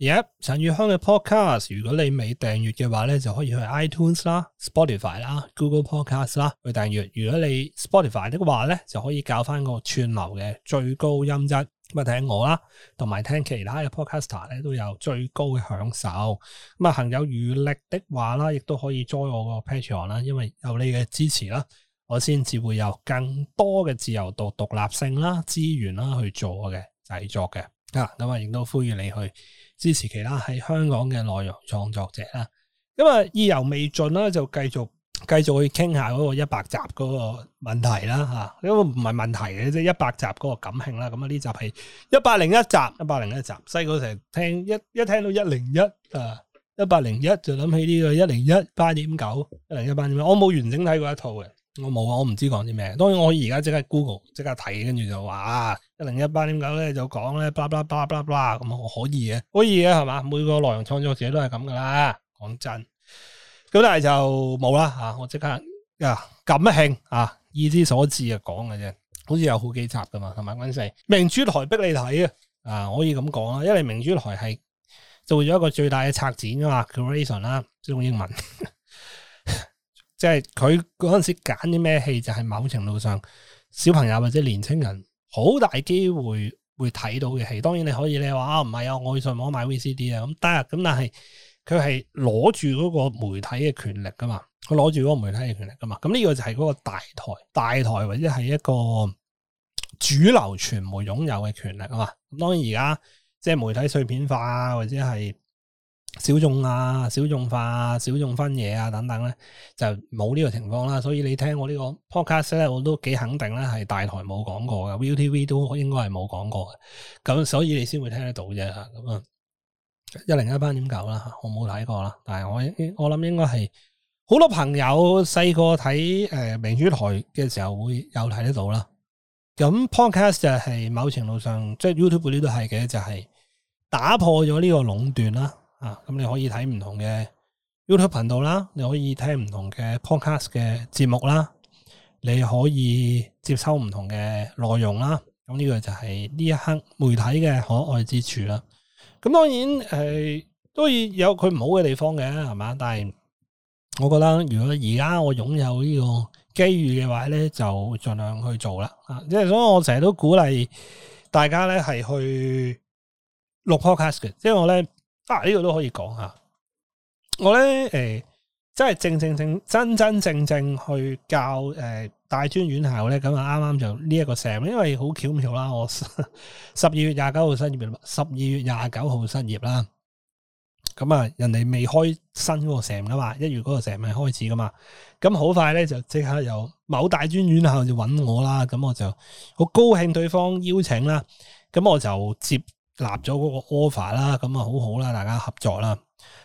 而家陳月香嘅 podcast，如果你未訂閱嘅話咧，就可以去 iTunes 啦、Spotify 啦、Google Podcast 啦去訂閱。如果你 Spotify 的話咧，就可以搞返個串流嘅最高音質，咁啊聽我啦，同埋聽其他嘅 podcaster 咧都有最高嘅享受。咁啊，行有餘力的話啦，亦都可以 join 我個 Patreon 啦，因為有你嘅支持啦，我先至會有更多嘅自由度、獨立性啦、資源啦去做我嘅製作嘅。啊，咁啊，亦都呼籲你去支持其他喺香港嘅內容創作者啦。咁啊，意猶未盡啦，就繼續繼續去傾下嗰個一百集嗰個問題啦。吓、啊，呢個唔係問題嘅，即係一百集嗰個感興啦。咁啊，呢集係一百零一集，一百零一集，細個成日聽一，一聽到一零一啊，一百零一就諗起呢、這個一零一八點九，一零一八點九，我冇完整睇過一套嘅。我冇啊，我唔知講啲咩。當然我而家即刻 Google 即刻睇，跟住就話一零一八點九咧就講咧，巴啦巴啦巴啦巴啦咁可以嘅，可以嘅係嘛？每個內容創作者都係咁噶啦，講真。咁但係就冇啦吓，我即刻啊，感興啊，意之所至啊講嘅啫，好似有好幾集噶嘛，係咪？溫四明珠台逼你睇啊，啊，啊、嗯、啊可以咁講啊，因為明珠台係做咗一個最大嘅拆展，策展啊，correlation 啦，中英文。哈哈即係佢嗰陣時揀啲咩戲，就係、是、某程度上小朋友或者年青人好大機會會睇到嘅戲。當然你可以咧話啊唔係啊，我要上網買 VCD 啊咁得啊咁，但係佢係攞住嗰個媒體嘅權力噶嘛，佢攞住嗰個媒體嘅權力噶嘛。咁、嗯、呢、這個就係嗰個大台大台或者係一個主流傳媒擁有嘅權力啊嘛。咁當然而家即係媒體碎片化啊，或者係。小眾啊，小眾化啊，小眾分野啊等等咧，就冇呢個情況啦。所以你聽我呢個 podcast 咧，我都幾肯定咧，係大台冇講過嘅，ViuTV 都應該係冇講過嘅。咁所以你先會聽得到啫。咁啊，一零一斑點狗啦？我冇睇過啦，但係我我諗應該係好多朋友細個睇誒明珠台嘅時候會有睇得到啦。咁 podcast 就係某程度上即係 YouTube 呢度係嘅，就係打破咗呢個壟斷啦。啊，咁你可以睇唔同嘅 YouTube 頻道啦，你可以聽唔同嘅 podcast 嘅節目啦，你可以接收唔同嘅內容啦。咁呢個就係呢一刻媒體嘅可愛之處啦。咁當然係、呃、都要有佢唔好嘅地方嘅，係嘛？但係我覺得如果而家我擁有呢個機遇嘅話咧，就盡量去做啦。啊，即係所以我成日都鼓勵大家咧係去錄 podcast，因為我咧。啊！呢、這個都可以講下。我咧誒、欸，真係正正正真真正正去教誒、呃、大專院校咧，咁啊啱啱就呢一個 semester 因為好巧妙，妙啦，我十二月廿九號失業，十二月廿九號失業啦。咁、嗯、啊，人哋未開新個 semester 噶嘛，一月嗰個 semester 係開始噶嘛，咁、嗯、好快咧就即刻由某大專院校就搵我啦，咁、嗯、我就好高興，對方邀請啦，咁、嗯、我就接立咗嗰個 offer 啦，咁啊好好啦，大家合作啦。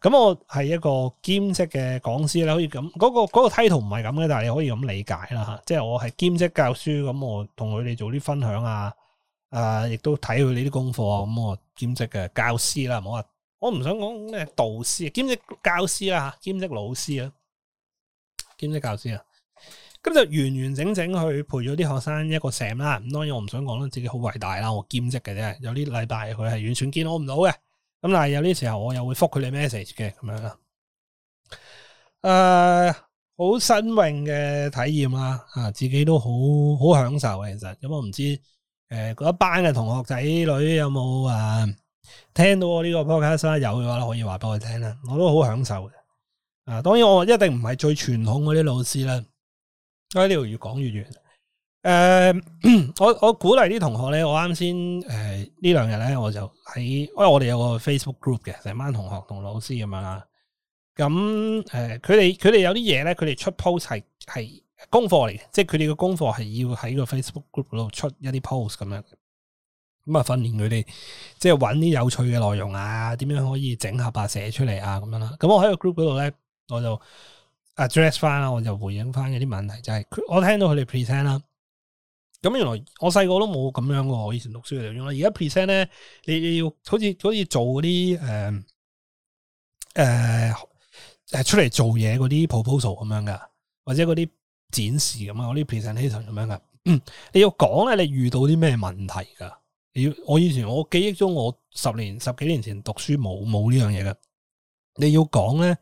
咁我係一個兼職嘅講師啦，可以咁嗰、嗰個、嗰個 title 唔係咁嘅，但係你可以咁理解啦吓。即係我係兼職教書，咁我同佢哋做啲分享啊，誒、呃，亦都睇佢哋啲功課，咁我兼職嘅教師啦，唔好話我唔想講咩導師，兼職教師啦，兼職老師啊，兼職教師啊。咁就完完整整去陪咗啲學生一個成啦，咁當然我唔想講啦，自己好偉大啦，我兼職嘅啫，有啲禮拜佢係完全見我唔到嘅，咁但係有啲時候我又會復佢哋 message 嘅，咁樣啦，誒、呃，好新穎嘅體驗啊，啊，自己都好好享受嘅，其實，咁、嗯、我唔知誒嗰、呃、一班嘅同學仔女有冇啊聽到我呢個 podcast 啦，有嘅話可以話俾我聽啦，我都好享受嘅，啊，當然我一定唔係最傳統嗰啲老師啦。所以呢度越講越遠。誒、呃，我我鼓勵啲同學咧，我啱先誒呢兩日咧，我就喺因為我哋有個 Facebook group 嘅，成班同學同老師咁樣啦。咁、嗯、誒，佢哋佢哋有啲嘢咧，佢哋出 post 係係功課嚟嘅，即係佢哋嘅功課係要喺個 Facebook group 度出一啲 post 咁樣。咁、嗯、啊，訓練佢哋即係揾啲有趣嘅內容啊，點樣可以整合啊寫出嚟啊，咁樣啦。咁、嗯、我喺個 group 嗰度咧，我就。Address 翻啦！我就回應翻嗰啲問題，就係、是、我聽到佢哋 present 啦。咁原來我細個都冇咁樣噶，我以前讀書嘅樣啦。而家 present 咧，你你要好似好似做嗰啲誒誒誒出嚟做嘢嗰啲 proposal 咁樣噶，或者嗰啲展示咁啊，嗰啲 presentation 咁樣噶、嗯。你要講咧，你遇到啲咩問題噶？你要我以前我記憶中，我十年十幾年前讀書冇冇呢樣嘢噶。你要講咧，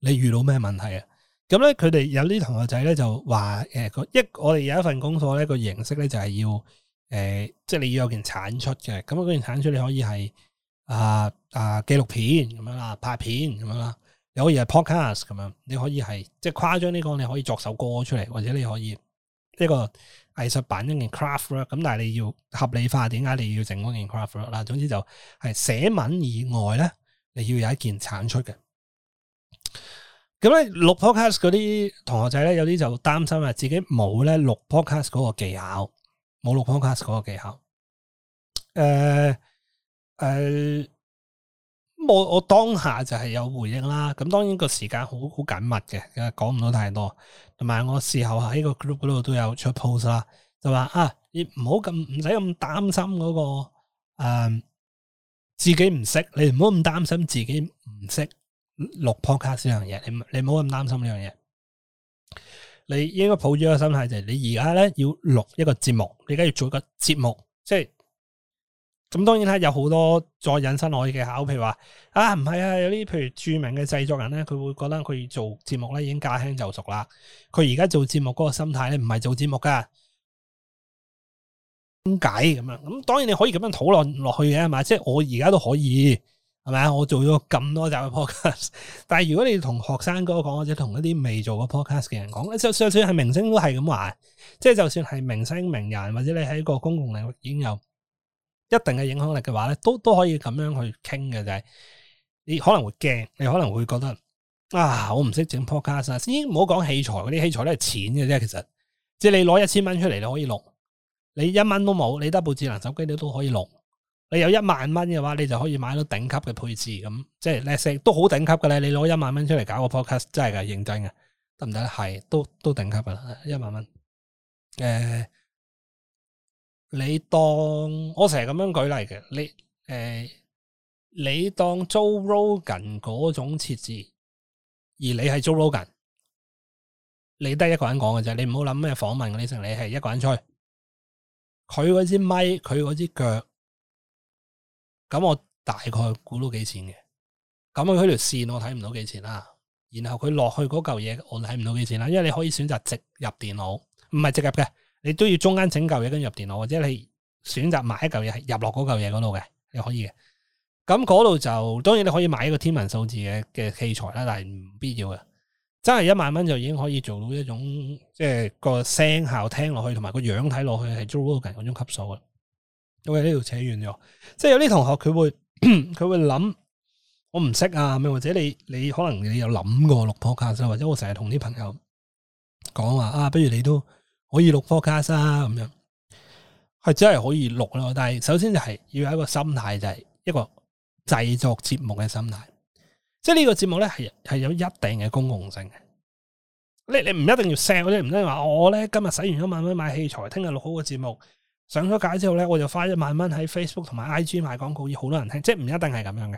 你遇到咩問題啊？咁咧，佢哋有啲同學仔咧就話誒，一，我哋有一份功課咧，個形式咧就係要誒，即係你要有件產出嘅。咁嗰件產出你可以係啊啊紀錄片咁樣啦，拍片咁樣啦，你可以係 podcast 咁樣，你可以係即係誇張呢個，你可以作首歌出嚟，或者你可以一個藝術版一件 craft 啦。咁但係你要合理化點解你要整嗰件 craft 啦。總之就係寫文以外咧，你要有一件產出嘅。咁咧錄、嗯、podcast 嗰啲同學仔咧，有啲就擔心啊，自己冇咧錄 podcast 嗰個技巧，冇錄 podcast 嗰個技巧。誒、呃、誒、呃，我我當下就係有回應啦。咁當然個時間好好緊密嘅，講唔到太多。同埋我事後喺個 group 嗰度都有出 post 啦，就話啊，你唔好咁唔使咁擔心嗰、那個誒、呃，自己唔識，你唔好咁擔心自己唔識。錄 podcast 呢樣嘢，你你唔好咁擔心呢樣嘢。你應該抱住一個心態，就係你而家咧要錄一個節目，你而家要做一個節目，即係咁。當然啦，有好多再引申我嘅考、啊啊，譬如話啊，唔係啊，有啲譬如著名嘅製作人咧，佢會覺得佢做節目咧已經駕輕就熟啦。佢而家做節目嗰個心態咧，唔係做節目噶，點解咁樣。咁當然你可以咁樣討論落去嘅，係嘛？即係我而家都可以。係咪啊？我做咗咁多集嘅 podcast，但係如果你同學生哥講，或者同一啲未做過 podcast 嘅人講，就就算係明星都係咁話，即係就算係明星名人，或者你喺個公共領域已經有一定嘅影響力嘅話咧，都都可以咁樣去傾嘅就係，你可能會驚，你可能會覺得啊，我唔識整 podcast，先唔好講器材，嗰啲器材都係錢嘅啫，其實即係你攞一千蚊出嚟你可以錄，你一蚊都冇，你得部智能手機你都可以錄。你有一萬蚊嘅話，你就可以買到頂級嘅配置，咁即係 l e s 都好頂級嘅咧。你攞一萬蚊出嚟搞個 podcast，真係嘅認真嘅，得唔得咧？係，都都頂級啦，一萬蚊。誒、呃，你當我成日咁樣舉例嘅，你誒、呃，你當 Joe Rogan 嗰種設置，而你係 Joe Rogan，你得一個人講嘅啫。你唔好諗咩訪問你啲聲，你係一個人吹。佢嗰支咪，佢嗰支腳。咁我大概估到幾錢嘅，咁佢嗰條線我睇唔到幾錢啦，然後佢落去嗰嚿嘢，我睇唔到幾錢啦，因為你可以選擇直入電腦，唔係直入嘅，你都要中間整嚿嘢，跟住入電腦，或者你選擇買一嚿嘢係入落嗰嚿嘢嗰度嘅，又可以嘅。咁嗰度就當然你可以買一個天文數字嘅器材啦，但係唔必要嘅，真係一萬蚊就已經可以做到一種即係、就是、個聲效聽落去，同埋個樣睇落去係足夠近嗰種級數嘅。我哋呢度扯遠咗，即係有啲同學佢會佢會諗，我唔識啊咩？或者你你可能你有諗過錄 podcast 或者我成日同啲朋友講話啊，不如你都可以錄 podcast 咁樣，係真係可以錄啦。但係首先就係要有一個心態，就係、是、一個製作節目嘅心態。即係呢個節目咧係係有一定嘅公共性嘅，你你唔一定要 sell 啫，唔使話我咧今日洗完咗萬蚊買器材，聽日錄好個節目。上咗架之後咧，我就花一萬蚊喺 Facebook 同埋 IG 買廣告，要好多人聽，即係唔一定係咁樣嘅。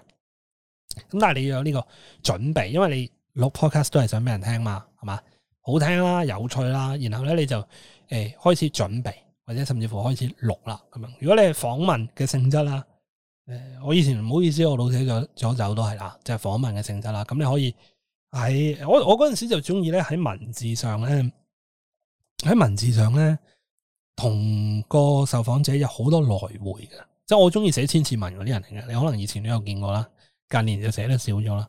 咁但係你要有呢個準備，因為你錄 podcast 都係想俾人聽嘛，係嘛？好聽啦，有趣啦，然後咧你就誒、欸、開始準備，或者甚至乎開始錄啦。咁樣如果你係訪問嘅性質啦，誒、呃，我以前唔好意思，我老死咗走走都係啦，即係訪問嘅性質啦。咁你可以喺、哎、我我嗰陣時就中意咧喺文字上咧喺文字上咧。同個受訪者有好多來回嘅，即係我中意寫千字文嗰啲人嚟嘅，你可能以前都有見過啦，近年就寫得少咗啦。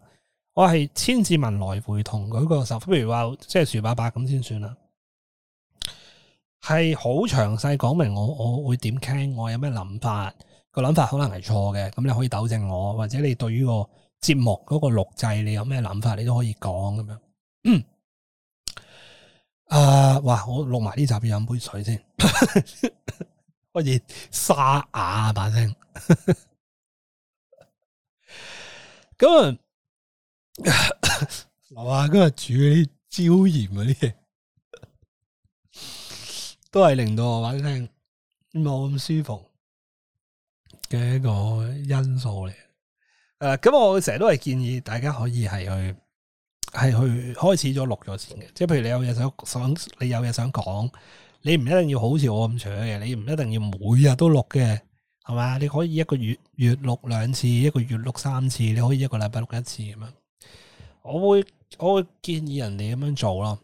我係千字文來回同佢個受，譬如話即係薯伯伯咁先算啦，係好詳細講明我我會點聽，我有咩諗法，個諗法可能係錯嘅，咁你可以糾正我，或者你對於個節目嗰個錄製你有咩諗法，你都可以講咁樣。嗯啊、呃！哇！我錄埋呢集去飲杯水先，開始 沙啞把聲。咁啊，係嘛？ 今日煮嗰啲椒鹽嗰啲， 都係令到我把聲冇咁舒服嘅一個因素嚟。誒、呃，咁我成日都係建議大家可以係去。係去開始咗錄咗先嘅，即係譬如你有嘢想想，你有嘢想講，你唔一定要好似我咁坐嘅，你唔一定要每日都錄嘅，係嘛？你可以一個月月錄兩次，一個月錄三次，你可以一個禮拜錄一次咁樣。我會我會建議人哋咁樣做咯，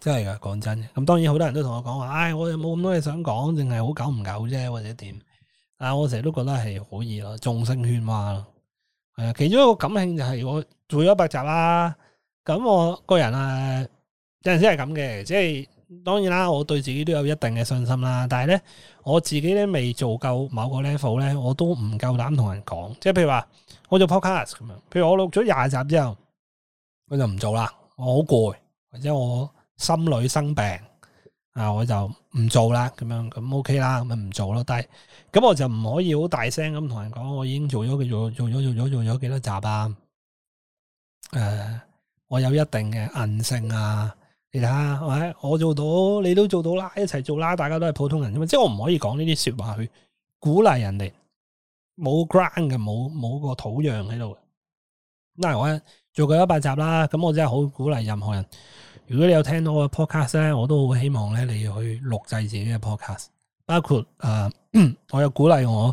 真係噶，講真。咁當然好多人都同我講話，唉，我有冇咁多嘢想講，淨係好久唔久啫，或者點？啊，我成日都覺得係可以咯，眾聲喧嘩咯，係、呃、啊。其中一個感興就係我做咗百集啦。咁我個人啊，有陣時係咁嘅，即係當然啦，我對自己都有一定嘅信心啦。但係咧，我自己咧未做夠某個 level 咧，我都唔夠膽同人講。即係譬如話，我做 podcast 咁樣，譬如我錄咗廿集之後，我就唔做啦。我好攰，或者我心裏生病啊，我就唔做啦。咁樣咁 OK 啦，咁咪唔做咯。但係咁我就唔可以好大聲咁同人講，我已經做咗幾多，做做做做做做幾多集啊？誒、呃。我有一定嘅韌性啊，你睇下，係我做到，你都做到啦，一齊做啦，大家都係普通人啫嘛，即係我唔可以講呢啲說話去鼓勵人哋，冇 ground 嘅，冇冇個土壤喺度。嗱，我做過一百集啦，咁我真係好鼓勵任何人。如果你有聽到我嘅 podcast 咧，我都好希望咧你要去錄製自己嘅 podcast，包括誒、呃， 我有鼓勵我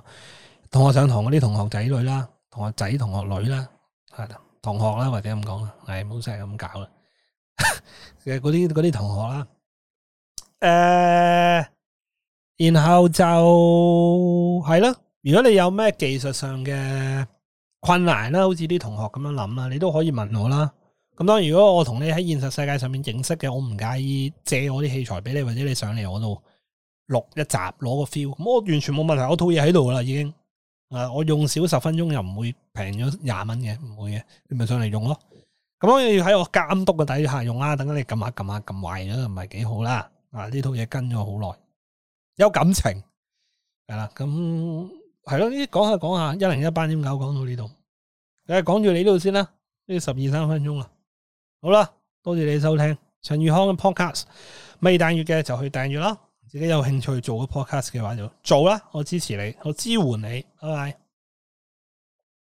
同我上堂嗰啲同學仔女啦，同學仔同學女啦，係。同學啦，或者咁講啦，係唔好成日咁搞啦，其實嗰啲啲同學啦，誒、呃，然後就係啦，如果你有咩技術上嘅困難啦，好似啲同學咁樣諗啦，你都可以問我啦。咁當然如果我同你喺現實世界上面認識嘅，我唔介意借我啲器材俾你，或者你上嚟我度錄一集攞個 feel，咁我完全冇問題，我套嘢喺度啦已經。啊！我用少十分鐘又唔會平咗廿蚊嘅，唔會嘅，你咪上嚟用咯。咁我要喺我監督嘅底下用啦、啊。等緊你撳下撳下撳壞咗，唔係幾好啦、啊。啊！呢套嘢跟咗好耐，有感情係啦。咁係咯，呢、嗯、講、啊、下講下，一零一點九講到呢度。誒、啊，講住你呢度先啦，呢十二三分鐘啦。好啦，多謝你收聽陳宇康嘅 Podcast。未訂閱嘅就去訂閱啦。自己有興趣做個 podcast 嘅話，就做啦，我支持你，我支援你，拜拜。